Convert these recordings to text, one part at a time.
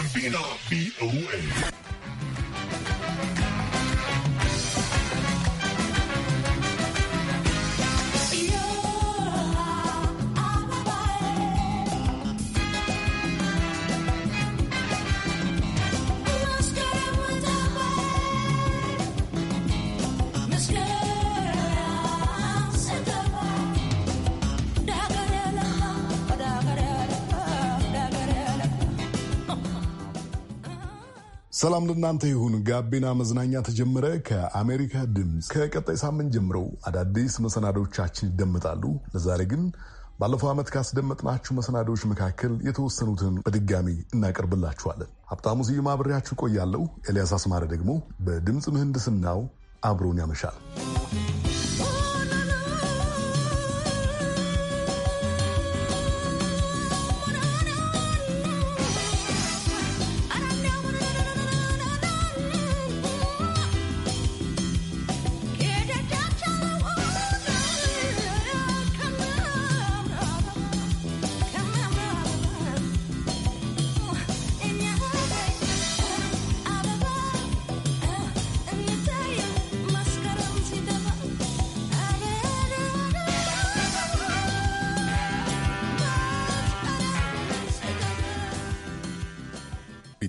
Can't be be away. ሰላም ለእናንተ ይሁን። ጋቢና መዝናኛ ተጀመረ። ከአሜሪካ ድምፅ ከቀጣይ ሳምንት ጀምረው አዳዲስ መሰናዶቻችን ይደመጣሉ። ለዛሬ ግን ባለፈው ዓመት ካስደመጥናችሁ መሰናዶዎች መካከል የተወሰኑትን በድጋሚ እናቀርብላችኋለን። ሀብታሙ ስዩም አብሬያችሁ ቆያለሁ። ኤልያስ አስማረ ደግሞ በድምፅ ምህንድስናው አብሮን ያመሻል።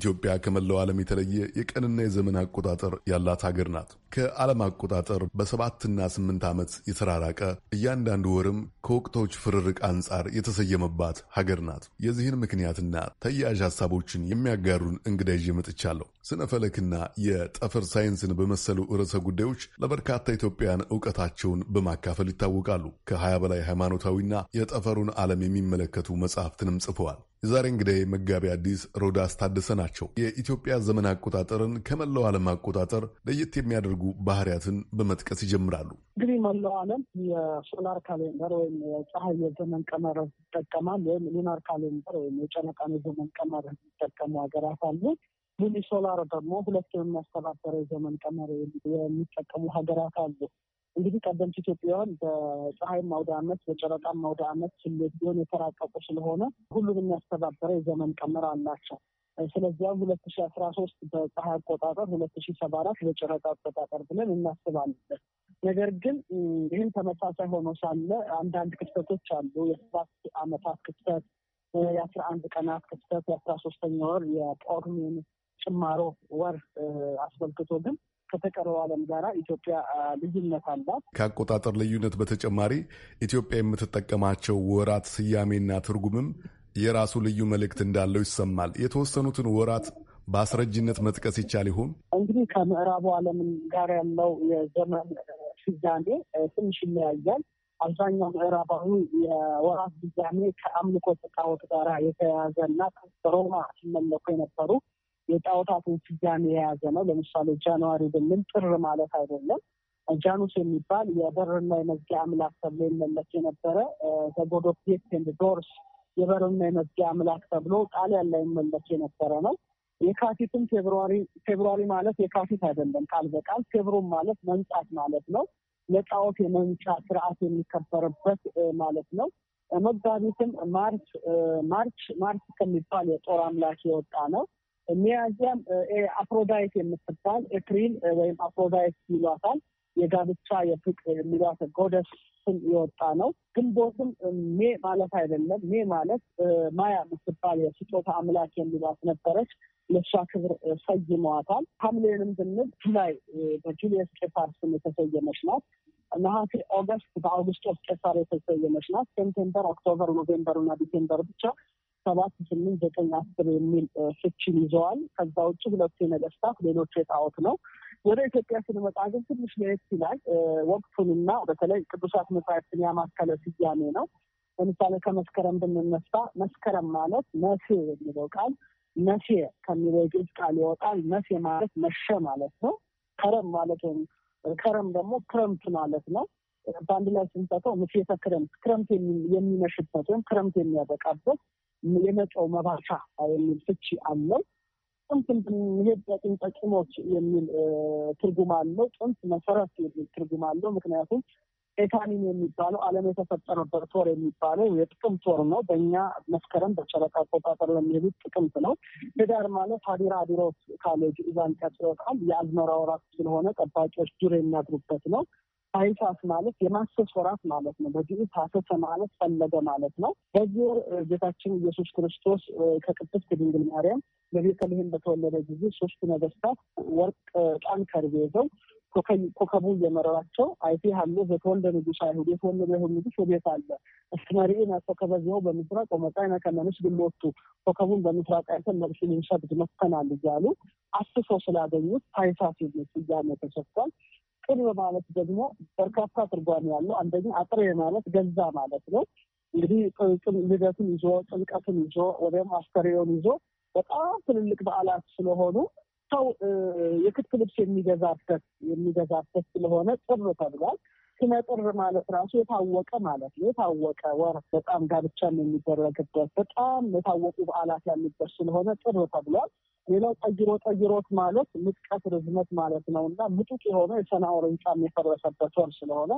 ኢትዮጵያ ከመላው ዓለም የተለየ የቀንና የዘመን አቆጣጠር ያላት ሀገር ናት። ከዓለም አቆጣጠር በሰባትና ስምንት ዓመት የተራራቀ እያንዳንዱ ወርም ከወቅቶች ፍርርቅ አንጻር የተሰየመባት ሀገር ናት። የዚህን ምክንያትና ተያያዥ ሀሳቦችን የሚያጋሩን እንግዳ ይዤ መጥቻለሁ። ስነ ፈለክና የጠፈር ሳይንስን በመሰሉ ርዕሰ ጉዳዮች ለበርካታ ኢትዮጵያን እውቀታቸውን በማካፈል ይታወቃሉ። ከሀያ በላይ ሃይማኖታዊና የጠፈሩን ዓለም የሚመለከቱ መጽሐፍትንም ጽፈዋል። የዛሬ እንግዳዬ መጋቢ አዲስ ሮዳስ ታደሰ ናቸው። የኢትዮጵያ ዘመን አቆጣጠርን ከመላው ዓለም አቆጣጠር ለየት የሚያደርጉ ባህሪያትን በመጥቀስ ይጀምራሉ። እንግዲህ መላው ዓለም የሶላር ካሌንደር ወይም የፀሐይ የዘመን ቀመር ይጠቀማል። ወይም ሉናር ካሌንደር ወይም የጨረቃን የዘመን ቀመር የሚጠቀሙ ሀገራት አሉ። ሉኒሶላር ደግሞ ሁለቱን የሚያስተባበረ የዘመን ቀመር የሚጠቀሙ ሀገራት አሉ። እንግዲህ ቀደምት ኢትዮጵያውያን በፀሐይም አውደ ዓመት በጨረቃም አውደ ዓመት ስሌት ቢሆን የተራቀቁ ስለሆነ ሁሉንም የሚያስተባበረ የዘመን ቀመር አላቸው። ስለዚያም ሁለት ሺ አስራ ሶስት በፀሐይ አቆጣጠር ሁለት ሺ ሰባ አራት በጨረቃ አቆጣጠር ብለን እናስባለን። ነገር ግን ይህም ተመሳሳይ ሆኖ ሳለ አንዳንድ ክፍተቶች አሉ። የሰባት ዓመታት ክፍተት፣ የአስራ አንድ ቀናት ክፍተት፣ የአስራ ሶስተኛ ወር የጳጉሜን ጭማሮ ወር አስመልክቶ ግን ከተቀረው ዓለም ጋራ ኢትዮጵያ ልዩነት አላት። ከአቆጣጠር ልዩነት በተጨማሪ ኢትዮጵያ የምትጠቀማቸው ወራት ስያሜና ትርጉምም የራሱ ልዩ መልእክት እንዳለው ይሰማል። የተወሰኑትን ወራት በአስረጅነት መጥቀስ ይቻል ይሆን? እንግዲህ ከምዕራቡ ዓለም ጋር ያለው የዘመን ስያሜ ትንሽ ይለያያል። አብዛኛው ምዕራባዊ የወራት ስያሜ ከአምልኮ ተቃወት ጋር የተያያዘ እና ሮማ ሲመለኩ የነበሩ የጣዖታትን ስያሜ የያዘ ነው። ለምሳሌ ጃንዋሪ ብንል ጥር ማለት አይደለም። ጃኑስ የሚባል የበርና የመዝጊያ አምላክ ተብሎ ይመለክ የነበረ ዘጎዶ ዶርስ የበርና የመዝጊያ አምላክ ተብሎ ጣሊያን ላይ ይመለክ የነበረ ነው። የካቲትም ፌብሩዋሪ ማለት የካቲት አይደለም ቃል በቃል ፌብሩም ማለት መንጻት ማለት ነው። ለጣዖት የመንጫ ስርዓት የሚከበርበት ማለት ነው። መጋቢትም ማርች ማርች ማርች ከሚባል የጦር አምላክ የወጣ ነው። ሚያዚያም አፍሮዳይት የምትባል ኤፕሪል ወይም አፕሮዳይት ይሏታል የጋብቻ የፍቅ የሚሏት ጎደስ ስም የወጣ ነው። ግንቦትም ሜ ማለት አይደለም። ሜ ማለት ማያ የምትባል የስጦታ አምላክ የሚሏት ነበረች። ለእሷ ክብር ሰይመዋታል። ሐምሌንም ብንል ጁላይ በጁልየስ ቄሳር ስም የተሰየመች ናት። ነሐሴ ኦገስት በአውግስጦስ ቄሳር የተሰየመች ናት። ሴፕቴምበር፣ ኦክቶበር፣ ኖቬምበር እና ዲሴምበር ብቻ ሰባት ስምንት ዘጠኝ አስር የሚል ፍችን ይዘዋል። ከዛ ውጭ ሁለቱ የነገስታት ሌሎቹ የጣዖት ነው። ወደ ኢትዮጵያ ስንመጣ ግን ትንሽ ለየት ይላል። ወቅቱንና በተለይ ቅዱሳት መጻሕፍትን ያማከለ ስያሜ ነው። ለምሳሌ ከመስከረም ብንነሳ መስከረም ማለት መሴ የሚለው ቃል መሴ ከሚለው የግዕዝ ቃል ይወጣል። መሴ ማለት መሸ ማለት ነው። ከረም ማለት ወይም ከረም ደግሞ ክረምት ማለት ነው። በአንድ ላይ ስንሰተው ምሴተ ክረምት ክረምት የሚመሽበት ወይም ክረምት የሚያበቃበት የመጫው መባቻ የሚል ፍቺ አለው። ጥንት ብንሄድ በጥንተ ቂሞች የሚል ትርጉም አለው። ጥንት መሰረት የሚል ትርጉም አለው። ምክንያቱም ኤታኒን የሚባለው ዓለም የተፈጠረበት ወር የሚባለው የጥቅምት ወር ነው። በእኛ መስከረም በጨረቃ አቆጣጠር ለሚሄዱት ጥቅምት ነው። ህዳር ማለት ሀዲራ ዲሮስ ካሌጅ ኢዛን ቀጥሮታል። የአዝመራ ወራት ስለሆነ ጠባቂዎች ዱር የሚያድሩበት ነው። አይሳት ማለት የማሰስ ወራት ማለት ነው። በዚህ ሐሰሰ ማለት ፈለገ ማለት ነው። በዚህ ወር ጌታችን ኢየሱስ ክርስቶስ ከቅድስት ድንግል ማርያም በቤተልሔም በተወለደ ጊዜ ሶስቱ ነገስታት ወርቅ፣ ዕጣን፣ ከርቤ ይዘው ኮከቡ እየመረራቸው አይቴ ሀሎ በተወልደ ንጉሥ አይሁድ የተወለደ አይሁድ ንጉሥ ወዴት አለ እስመሪኤ ናቸው ዚያው በምስራቅ ወመጻእነ ከመ ንስግድ ሎቱ ኮከቡን በምስራቅ አይተን ለብሱ ልንሰግድ መጥተናል እያሉ አስሶ ስላገኙት ታኅሳስ የሚል ስያሜ ተሰጥቷል። ጥል ማለት ደግሞ በርካታ ትርጓሜ ያለው አንደኛ አጥሬ ማለት ገዛ ማለት ነው። እንግዲህ ልደትን ይዞ ጥምቀትን ይዞ ወይም አስተሬውን ይዞ በጣም ትልልቅ በዓላት ስለሆኑ ሰው የክት ልብስ የሚገዛበት የሚገዛበት ስለሆነ ጥር ተብሏል። ስነ ጥር ማለት ራሱ የታወቀ ማለት ነው። የታወቀ ወር በጣም ጋብቻም የሚደረግበት በጣም የታወቁ በዓላት ያሉበት ስለሆነ ጥር ተብሏል። ሌላው ጠይሮ ጠይሮት ማለት ምጥቀት ርዝመት ማለት ነው እና ምጡቅ የሆነ የሰና ርንጫም የፈረሰበት ወር ስለሆነ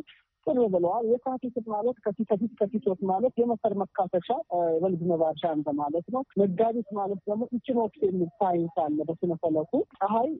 ጥሩ ብለዋል። የካቲት ማለት ከፊት ከፊት ከፊቶት ማለት የመሰር መካፈሻ የበልግ መባሻ እንደ ማለት ነው። መጋቢት ማለት ደግሞ ኢቺኖክስ የሚል ሳይንስ አለ በስነ ፈለኩ ፀሐይ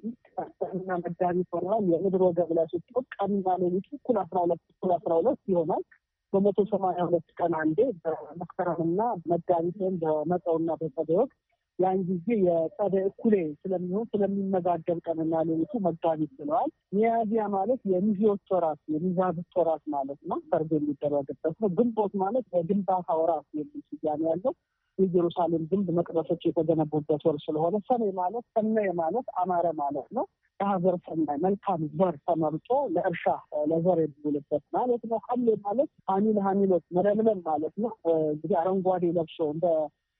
እና መጋቢት ሆነዋል። የምድር ገብላ ላይ ስትቆጥ ቀንና ሌሊት እኩል አስራ ሁለት እኩል አስራ ሁለት ይሆናል። በመቶ ሰማንያ ሁለት ቀን አንዴ በመስከረምና መጋቢት ወይም በመጸውና በጸደይ ወቅት ያን ጊዜ የጸደ እኩሌ ስለሚሆን ስለሚመጋገብ ቀንና ሌሊቱ መጋቢት ብለዋል። ሚያዝያ ማለት የሚዜዎች ወራት የሚዛብት ወራት ማለት ነው። ሰርግ የሚደረግበት ነው። ግንቦት ማለት የግንባታ ወራት የሚል ስያሜ ያለው የኢየሩሳሌም ግንብ መቅደሶች የተገነቡበት ወር ስለሆነ ሰኔ ማለት ሰናይ ማለት አማረ ማለት ነው። ለሀገር ሰናይ መልካም ዘር ተመርጦ ለእርሻ ለዘር የሚውልበት ማለት ነው። ሐምሌ ማለት ሀሚል ሀሚሎት መለምለም ማለት ነው። እንግዲህ አረንጓዴ ለብሶ እንደ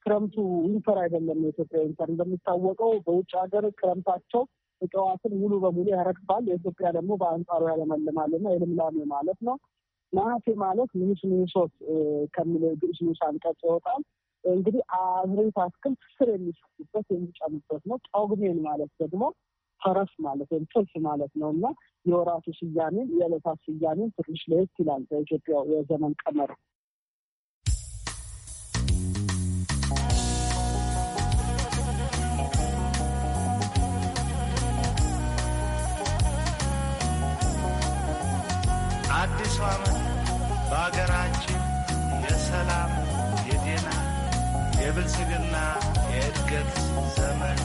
ክረምቱ ዊንተር አይደለም። የኢትዮጵያ ዊንተር እንደሚታወቀው በውጭ ሀገር ክረምታቸው እጽዋትን ሙሉ በሙሉ ያረግፋል። የኢትዮጵያ ደግሞ በአንጻሩ ያለመልማልና የልምላሜ ማለት ነው። ነሐሴ ማለት ንሱ ንሶት ከሚለው ግዕዝ ንዑስ አንቀጽ ይወጣል። እንግዲህ አብሬት አትክልት ስር የሚሰጡበት የሚጨምበት ነው። ጳጉሜን ማለት ደግሞ ፈረስ ማለት ወይም ትርፍ ማለት ነው እና የወራቱ ስያሜን የዕለታት ስያሜን ትንሽ ለየት ይላል በኢትዮጵያ የዘመን ቀመር ሀገራችን የሰላም፣ የጤና፣ የብልጽግና፣ የእድገት ዘመን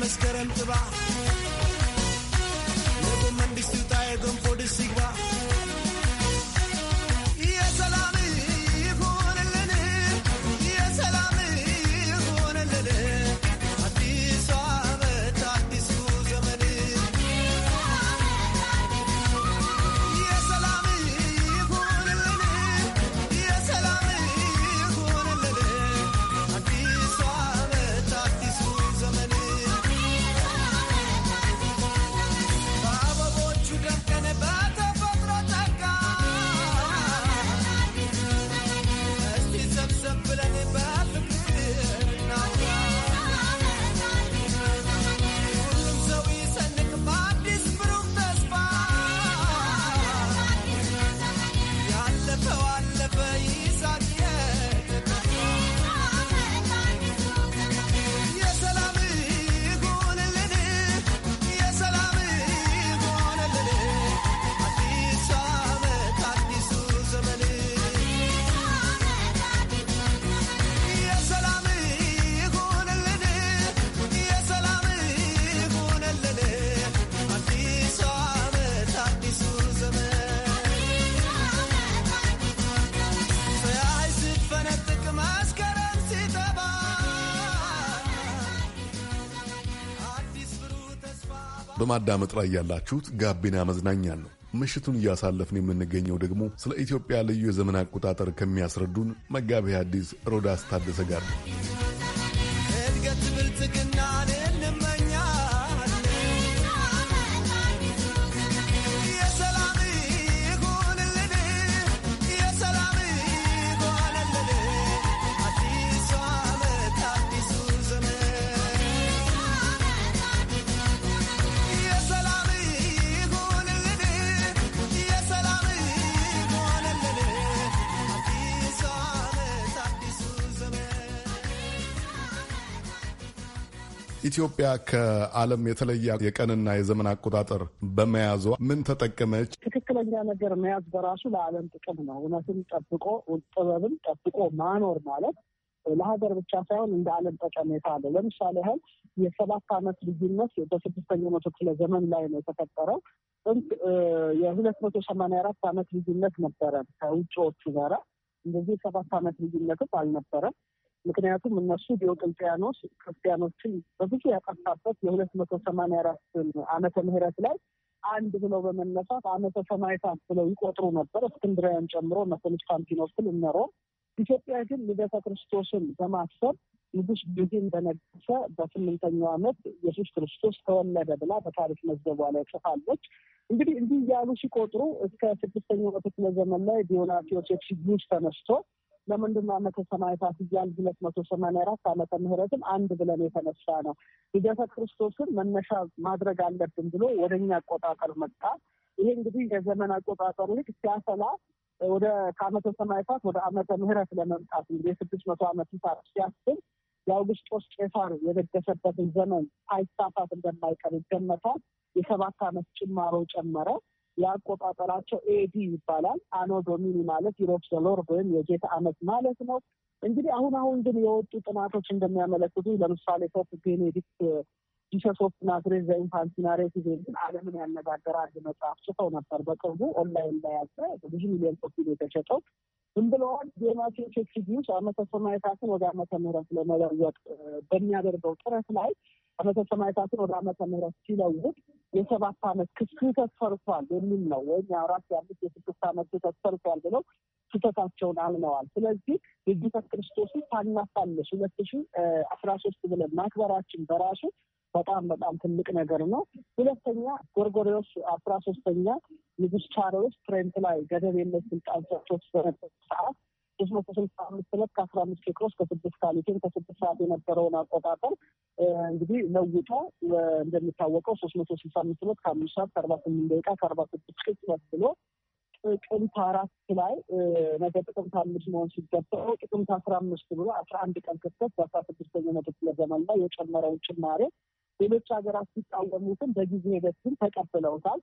መስከረም ጥባ ለጎመን ድስታ የገንፎ ድስት ይግባ በማዳመጥ ላይ ያላችሁት ጋቢና መዝናኛ ነው። ምሽቱን እያሳለፍን የምንገኘው ደግሞ ስለ ኢትዮጵያ ልዩ የዘመን አቆጣጠር ከሚያስረዱን መጋቢ ሐዲስ ሮዳስ ታደሰ ጋር ነው። ኢትዮጵያ ከዓለም የተለየ የቀንና የዘመን አቆጣጠር በመያዟ ምን ተጠቀመች? ትክክለኛ ነገር መያዝ በራሱ ለዓለም ጥቅም ነው። እውነትን ጠብቆ ጥበብን ጠብቆ ማኖር ማለት ለሀገር ብቻ ሳይሆን እንደ ዓለም ጠቀሜታ አለው። ለምሳሌ ያህል የሰባት ዓመት ልዩነት በስድስተኛው መቶ ክፍለ ዘመን ላይ ነው የተፈጠረው። የሁለት መቶ ሰማንያ አራት ዓመት ልዩነት ነበረ ከውጭዎቹ ጋራ። እንደዚህ የሰባት ዓመት ልዩነትም አልነበረም። ምክንያቱም እነሱ ዲዮቅልጥያኖስ ክርስቲያኖችን በብዙ ያጠፋበት የሁለት መቶ ሰማኒያ አራት አመተ ምህረት ላይ አንድ ብለው በመነሳት አመተ ሰማዕታት ብለው ይቆጥሩ ነበር። እስክንድሪያን ጨምሮ እነ ኮንስታንቲኖፕል እነ ኢትዮጵያ ግን ልደተ ክርስቶስን በማሰብ ንጉሥ ብዜን በነገሰ በስምንተኛው ዓመት ኢየሱስ ክርስቶስ ተወለደ ብላ በታሪክ መዝገቧ ላይ ጽፋለች። እንግዲህ እንዲህ እያሉ ሲቆጥሩ እስከ ስድስተኛው መቶ ክፍለ ዘመን ላይ ዲዮናቴዎስ ኤክሲጊዩስ ተነስቶ ለምንድን ነው አመተ ሰማዕታት እያል ሁለት መቶ ሰማንያ አራት አመተ ምህረትም አንድ ብለን የተነሳ ነው። ልደተ ክርስቶስን መነሻ ማድረግ አለብን ብሎ ወደ እኛ አቆጣጠር መጣ። ይሄ እንግዲህ የዘመን አቆጣጠሩ ልክ ሲያሰላ ወደ ከአመተ ሰማዕታት ወደ አመተ ምህረት ለመምጣት እንግዲህ የስድስት መቶ አመት ሳር ሲያስብ የአውግስጦስ ቄሳር የደገሰበትን ዘመን ሳይሳሳት እንደማይቀር ይገመታል። የሰባት አመት ጭማሮ ጨመረ። ያቆጣጠራቸው ኤዲ ይባላል። አኖ ዶሚኒ ማለት ዩሮፕ ዘሎርድ ወይም የጌታ አመት ማለት ነው። እንግዲህ አሁን አሁን ግን የወጡ ጥናቶች እንደሚያመለክቱ ለምሳሌ ፖፕ ቤኔዲክት ጂሰስ ኦፍ ናዝሬት ዘኢንፋንቲናሬት ግን ዓለምን ያነጋገረ አንድ መጽሐፍ ጽፈው ነበር። በቅርቡ ኦንላይን ላይ ያለ ብዙ ሚሊዮን ኮፒ የተሸጠው ዝም ብለዋል። ዜማቴዎስ ኤክሲጊዩስ አመተ ሰማይታትን ወደ አመተ ምሕረት ለመለወጥ በሚያደርገው ጥረት ላይ ዓመተ ሰማዕታትን ወደ አመተ ምሕረት ሲለውጥ የሰባት ዓመት ክስተት ተሰርቷል የሚል ነው። ወይም የአራት የአምስት የስድስት ዓመት ተሰርቷል ብለው ስህተታቸውን አምነዋል። ስለዚህ የጌተ ክርስቶስን ሳናፋልስ ሁለት ሺ አስራ ሶስት ብለን ማክበራችን በራሱ በጣም በጣም ትልቅ ነገር ነው። ሁለተኛ ጎርጎሪዎስ አስራ ሶስተኛ ንጉስ ቻሮስ ትሬንት ላይ ገደብ የለሽ ስልጣን ሰጥቶት በነበረ ሰዓት ስድስት መቶ ስልሳ አምስት ዕለት ከአስራ አምስት ኬክሮስ ከስድስት ካሊቴን ከስድስት ሰዓት የነበረውን አቆጣጠር እንግዲህ ለውጦ እንደሚታወቀው ሶስት መቶ ስልሳ አምስት ዕለት ከአምስት ሰዓት ከአርባ ስምንት ደቂቃ ከአርባ ስድስት ቅጽ መስሎ ጥቅምት አራት ላይ ነገ ጥቅምት አምስት መሆን ሲገባው ጥቅምት አስራ አምስት ብሎ አስራ አንድ ቀን ክፍተት በአስራ ስድስተኛ መቶ ክፍለ ዘመን ላይ የጨመረውን ጭማሬ ሌሎች ሀገራት ሲቃወሙትም በጊዜ ሂደት ግን ተቀብለውታል።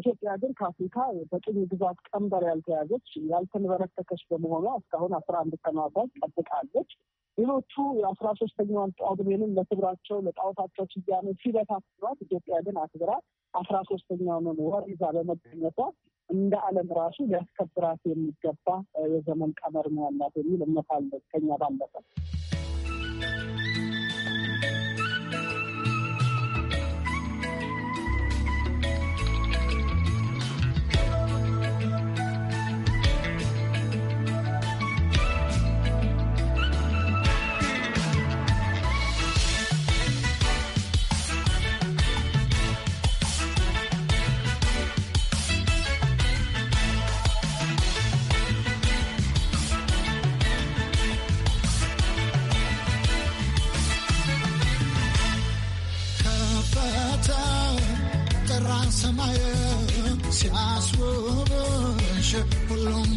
ኢትዮጵያ ግን ከአፍሪካ በቅኝ ግዛት ቀንበር ያልተያዘች ያልተንበረከከች በመሆኗ እስካሁን አስራ አንድ ቀናቷን ጠብቃለች። ሌሎቹ የአስራ ሶስተኛዋን ጳጉሜንን ለክብራቸው ለጣዖታቸው ስያሜ ሲበታትኗት፣ ኢትዮጵያ ግን አክብራ አስራ ሶስተኛውን ወር ይዛ በመገኘቷ እንደ ዓለም ራሱ ሊያስከብራት የሚገባ የዘመን ቀመር ነው ያላት የሚል እምነት አለ ከኛ ባለፈ ሲያስውብሽ ሁሉም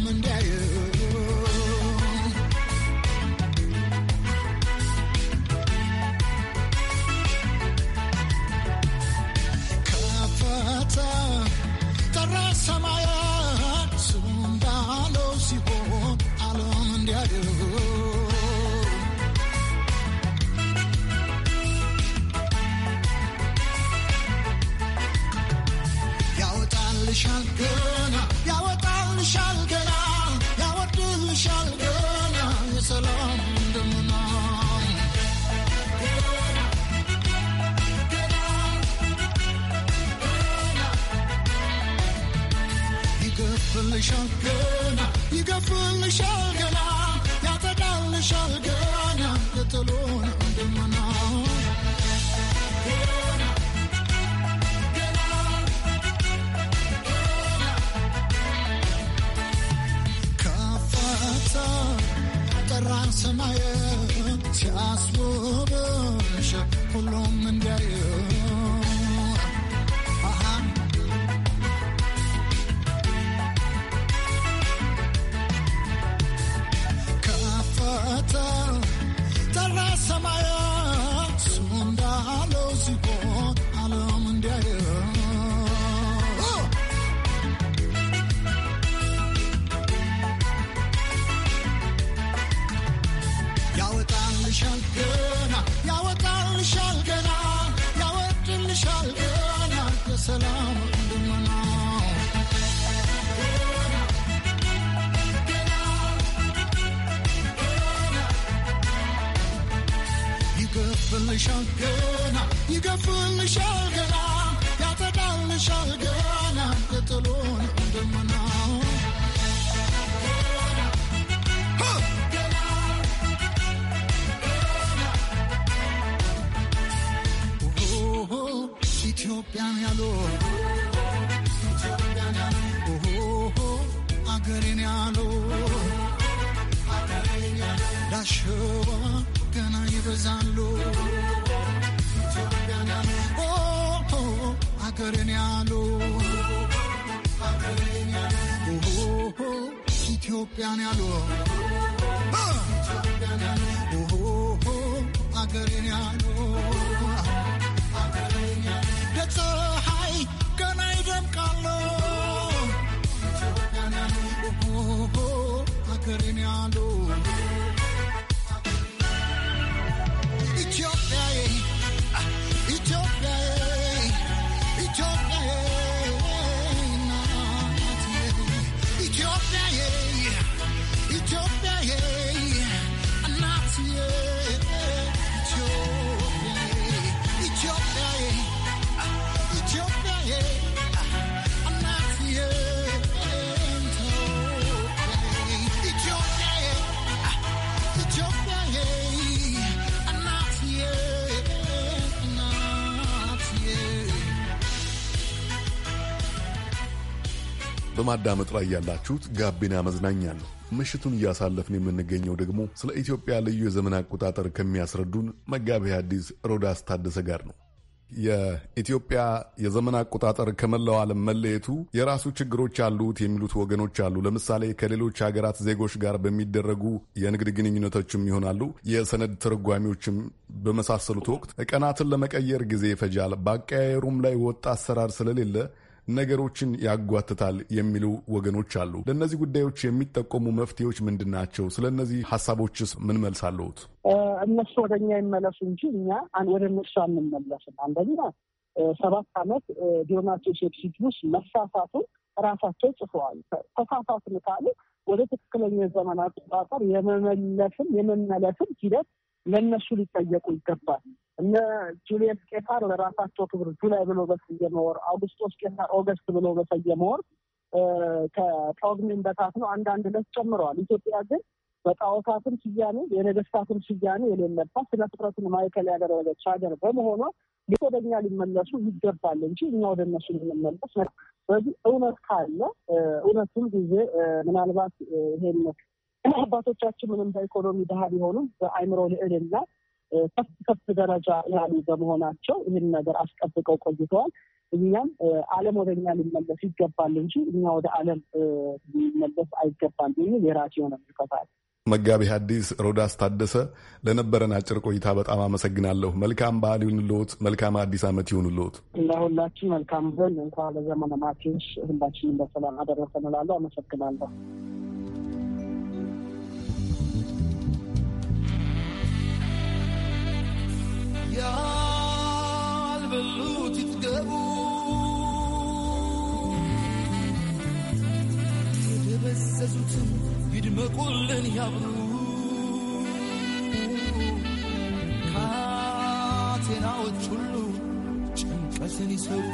chunk You got foolish, you got foolish, you got foolish, you got foolish, you got foolish, you you got foolish, you ኢትዮጵያን ያሉ ኦሆ አገሬን ያሉ ዳሸዋ ገና ይበዛሉ ኦሆ አገሬን ያሉ ኦሆ ኢትዮጵያን ያሉ ኦሆ አገሬን ያሉ ፀሐይ ገና ይደምቃሉ ሀገሬን ያሉ ኢትዮጵያ በማዳመጥ ላይ ያላችሁት ጋቢና መዝናኛ ነው። ምሽቱን እያሳለፍን የምንገኘው ደግሞ ስለ ኢትዮጵያ ልዩ የዘመን አቆጣጠር ከሚያስረዱን መጋቢ ሐዲስ ሮዳስ ታደሰ ጋር ነው። የኢትዮጵያ የዘመን አቆጣጠር ከመላው ዓለም መለየቱ የራሱ ችግሮች አሉት የሚሉት ወገኖች አሉ። ለምሳሌ ከሌሎች ሀገራት ዜጎች ጋር በሚደረጉ የንግድ ግንኙነቶችም ይሆናሉ፣ የሰነድ ተረጓሚዎችም በመሳሰሉት ወቅት ቀናትን ለመቀየር ጊዜ ይፈጃል። በአቀያየሩም ላይ ወጥ አሰራር ስለሌለ ነገሮችን ያጓትታል የሚሉ ወገኖች አሉ። ለእነዚህ ጉዳዮች የሚጠቆሙ መፍትሄዎች ምንድን ናቸው? ስለ እነዚህ ሀሳቦችስ ምን መልስ አለሁት? እነሱ ወደ እኛ ይመለሱ እንጂ እኛ ወደ እነሱ አንመለስም። አንደኛ ሰባት ዓመት ዲዮናቴዎስ ኤክሲቲዩስ መሳሳቱን ራሳቸው ጽፈዋል። ተሳሳትን ካሉ ወደ ትክክለኛ ዘመን አቆጣጠር የመመለስም የመመለስም ሂደት ለእነሱ ሊጠየቁ ይገባል። እነ ጁልየስ ቄሳር ለራሳቸው ክብር ጁላይ ብሎ በሰየመ ወር፣ አውግስቶስ ቄሳር ኦገስት ብሎ በሰየመ ወር ከጦግሚን በታት ነው። አንዳንድ ዕለት ጨምረዋል። ኢትዮጵያ ግን በጣዖታትም ስያሜ የነገስታትም ስያሜ የሌለባት ስነ ፍጥረትን ማዕከል ያደረገች ሀገር በመሆኗ ወደ እኛ ሊመለሱ ይገባል እንጂ እኛ ወደ እነሱ ልንመለስ ስለዚህ እውነት ካለ እውነቱም ጊዜ ምናልባት ይሄን አባቶቻችን ምንም በኢኮኖሚ ድሃ ቢሆኑም በአይምሮ ልዕልና ከፍ ከፍ ደረጃ ያሉ በመሆናቸው ይህን ነገር አስጠብቀው ቆይተዋል። እኛም ዓለም ወደ እኛ ሊመለስ ይገባል እንጂ እኛ ወደ ዓለም ሊመለስ አይገባል የሚል የራሴ የሆነ ምልከታ አለ። መጋቢ ሐዲስ ሮዳስ ታደሰ ለነበረን አጭር ቆይታ በጣም አመሰግናለሁ። መልካም በዓል ይሁንልዎት። መልካም አዲስ ዓመት ይሁንልዎት። ለሁላችን መልካም ዘን እንኳን ለዘመነ ማቴዎስ ሁላችንም በሰላም አደረሰን እላለሁ። አመሰግናለሁ። ይልቁልን ያብሩ ካቴናዎች ሁሉ ጭንቀትን ይሰቡ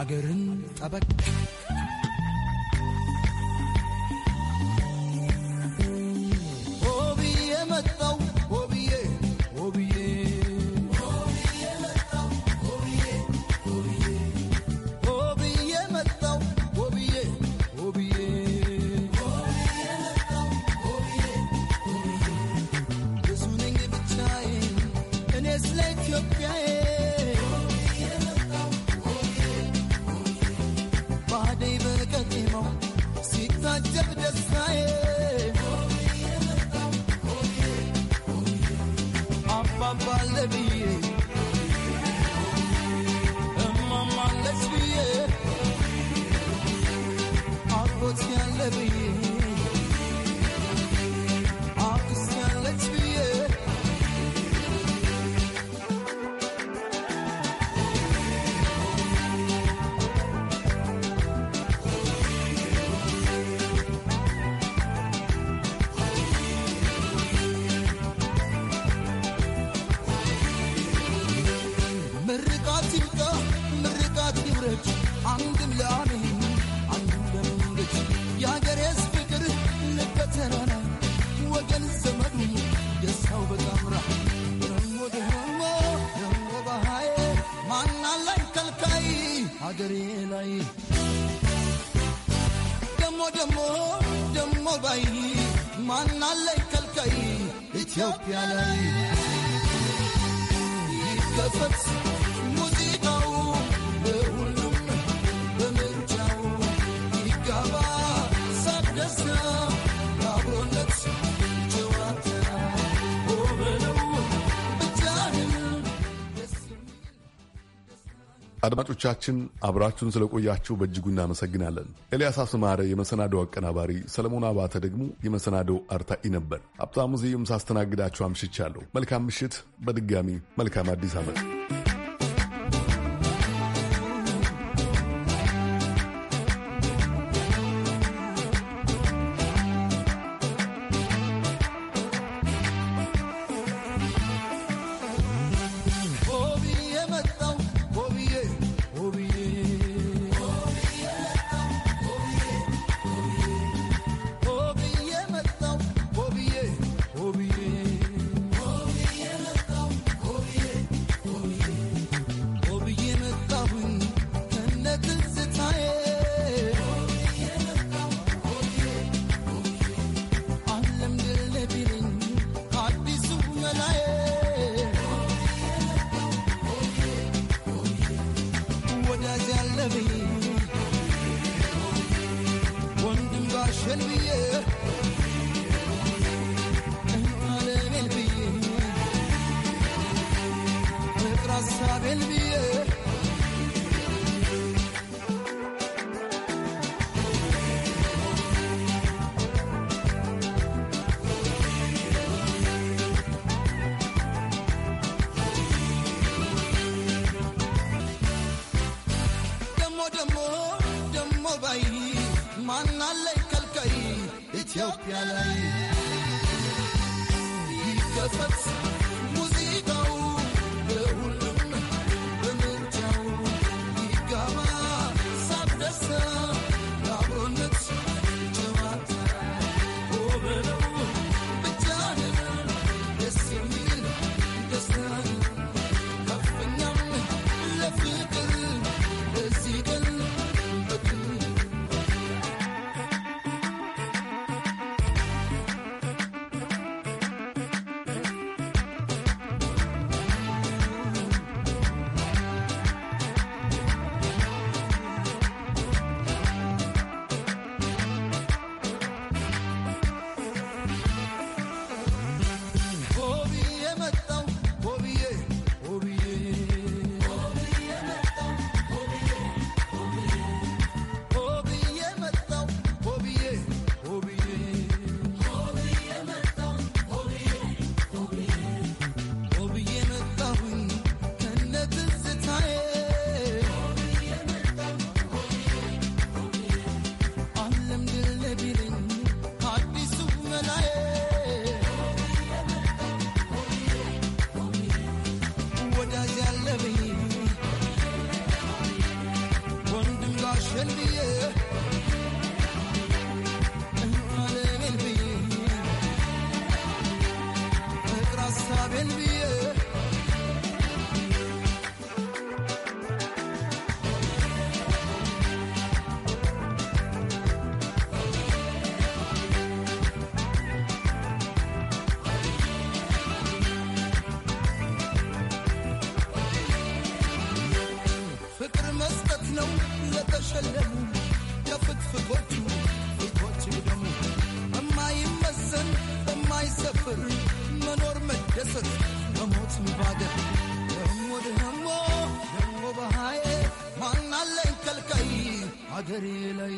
አገርን ጠበቅ ሀገሬ ላይ ደሞ ደሞ ደሞ ባይ ማናለይ ከልካይ ኢትዮጵያ ላይ ይከፈት አድማጮቻችን አብራችሁን ስለቆያችሁ በእጅጉ እናመሰግናለን። ኤልያስ አስማረ የመሰናዶው አቀናባሪ፣ ሰለሞን አባተ ደግሞ የመሰናዶው አርታኢ ነበር። ሀብታሙ ስዩም ሳስተናግዳችሁ አምሽቻለሁ። መልካም ምሽት። በድጋሚ መልካም አዲስ ዓመት። One ሀገሬ ላይ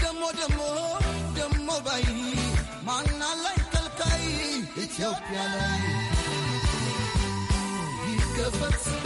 ደሞ ደሞ ደሞ ባይ ማና ላይ ከልካይ ኢትዮጵያ ላይ ይገፈጽ